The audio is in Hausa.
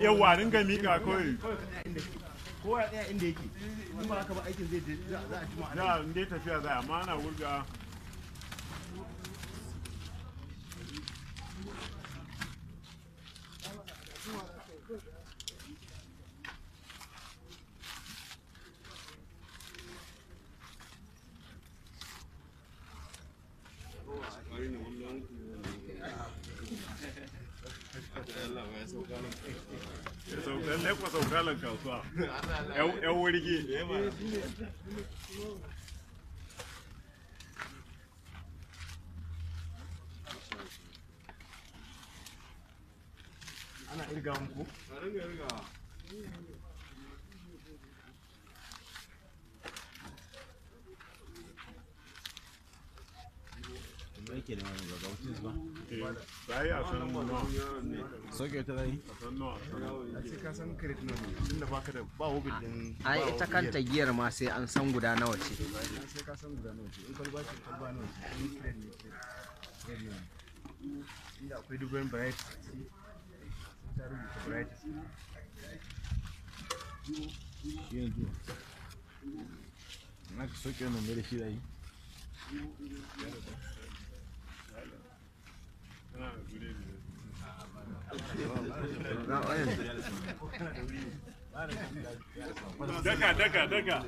yawa ringa mika kawai kowa inda yake in ba haka ba aikin zai za a jima da in tafiya za amma ana wurga lallai kwa saukalan kasuwa yan ana irga muku? a ringa Eh, a ai ita kanta giyar ma sai an san guda nawa ce na ka soke da shi da yi Daka, daka, daka.